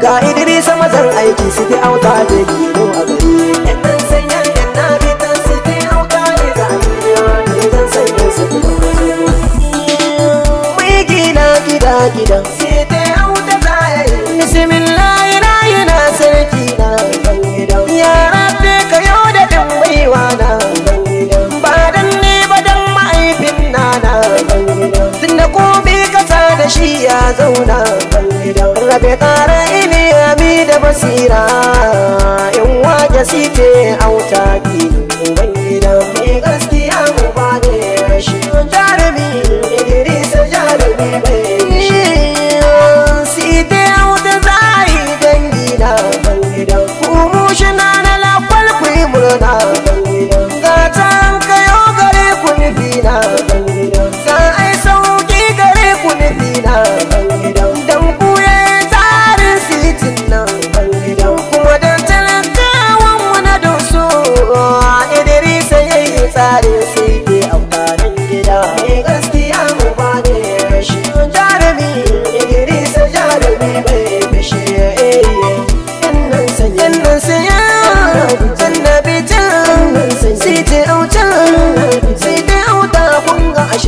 ga sama zan aiki su fi auta da gino a gari gidan sai dai auta zai bismillah ina yana sarki na ya rabbi ka yau da din baiwa na ba dan ne ba dan ma'aifin na na tunda ko bi ka shi ya zauna zabe ƙara ilimi da basira in waje sike auta ki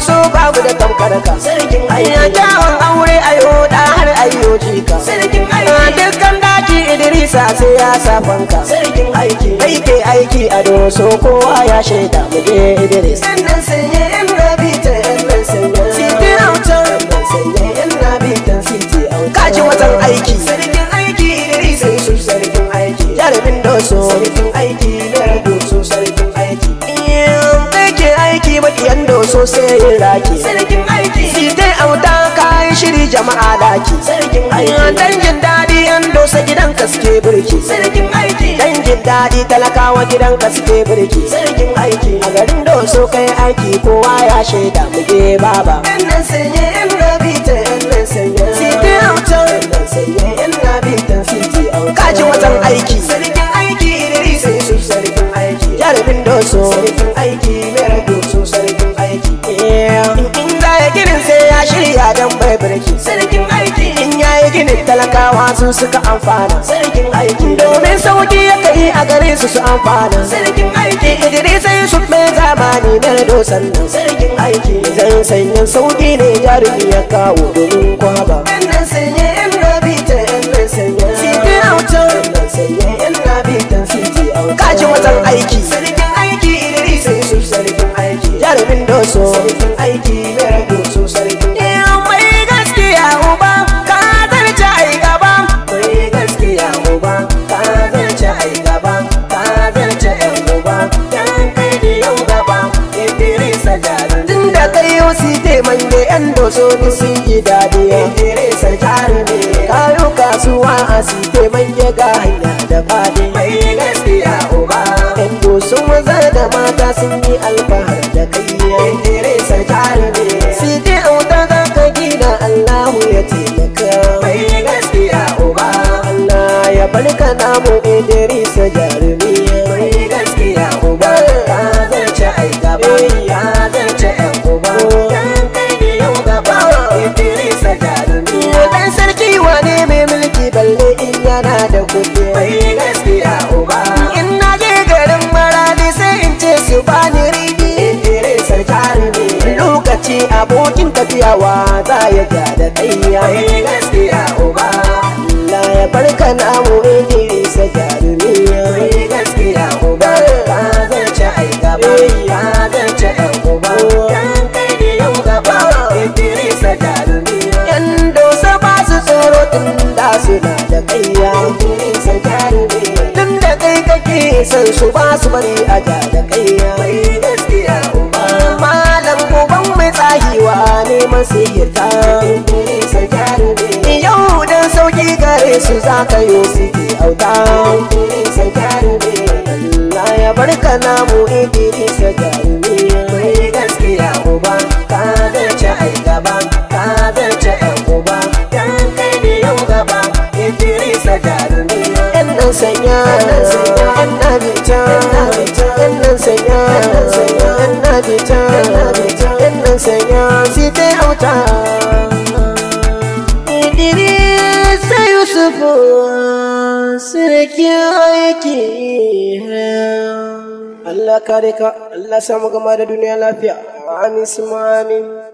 so babu da tamkar ka sarkin ayya jawon aure ayo da har ayo jika sarkin ayya ah, dukkan daji Idrisa sai ya safan ka aiki bai aiki a doso kowa ya shaida mu Idris sannan sanye yan rabi ta yan sanye siti auta sanye yan rabi ta siti auta kaji watan aiki sarkin aiki Idrisa sarkin aiki jarumin doso sarkin so sai ya raki sarkin aiki sitai auta kayan shiri jama'a daki sarkin aiki dangin daɗi an dosa gidan kaske birki aiki dangin daɗi talakawa gidan kaske birki sarkin aiki a garin doso kai aiki kowa ya shaida muke baba yan nan sanye yan ta ta aiki. kaji watan aiki aiki aiki jarabin doso sarkin aiki mai shirya don bai birki sarkin aiki in yayi ginin talakawa su suka amfana sarkin aiki domin sauki ya kai a gare su su amfana sarkin aiki idiri sai su mai zamani na rado sannan sarkin aiki zan sanya sauki ne jarumi ya kawo domin kwaba ɗan sanye yan rabi ta ɗan sanye sidi auta ɗan sanye yan rabi ta sidi auta kaji wajen aiki sarkin aiki idiri sai su sarkin aiki jarumin doso sarkin ni sun yi dade kayo kasuwa a sike manya ga hanya da fadi yan dosun maza da mata sun yi alfahar da kai site auta za ka gina allahu ya taimaka allah ya barka namu idrisa jarumi gaskiya uba ta eh. zance ai gaba ya gada ɗayya ya gaskiya uba Allah ya barka namu Idrisa jarumi ya gaskiya uba ka zance ai gaba ka zance ɗan uba kan kai ne yau gaba Idrisa jarumi yan dosa ba su tsoro tun da su na da ƙayya Idrisa jarumi tun da kai kake san su ba su bari a gada ƙayya sihirta yau dan sauki gare su za ka yi siki auta na ya barka ka namu idiri sa jarumi mai gaskiya uba ka zance ai gaba ka zance ɗan uba dan kai ne yau gaba idiri sa jarumi ɗan sanya sarauta Idris Yusufu sirkin aiki Allah kare ka Allah samu gama da duniya lafiya amin su amin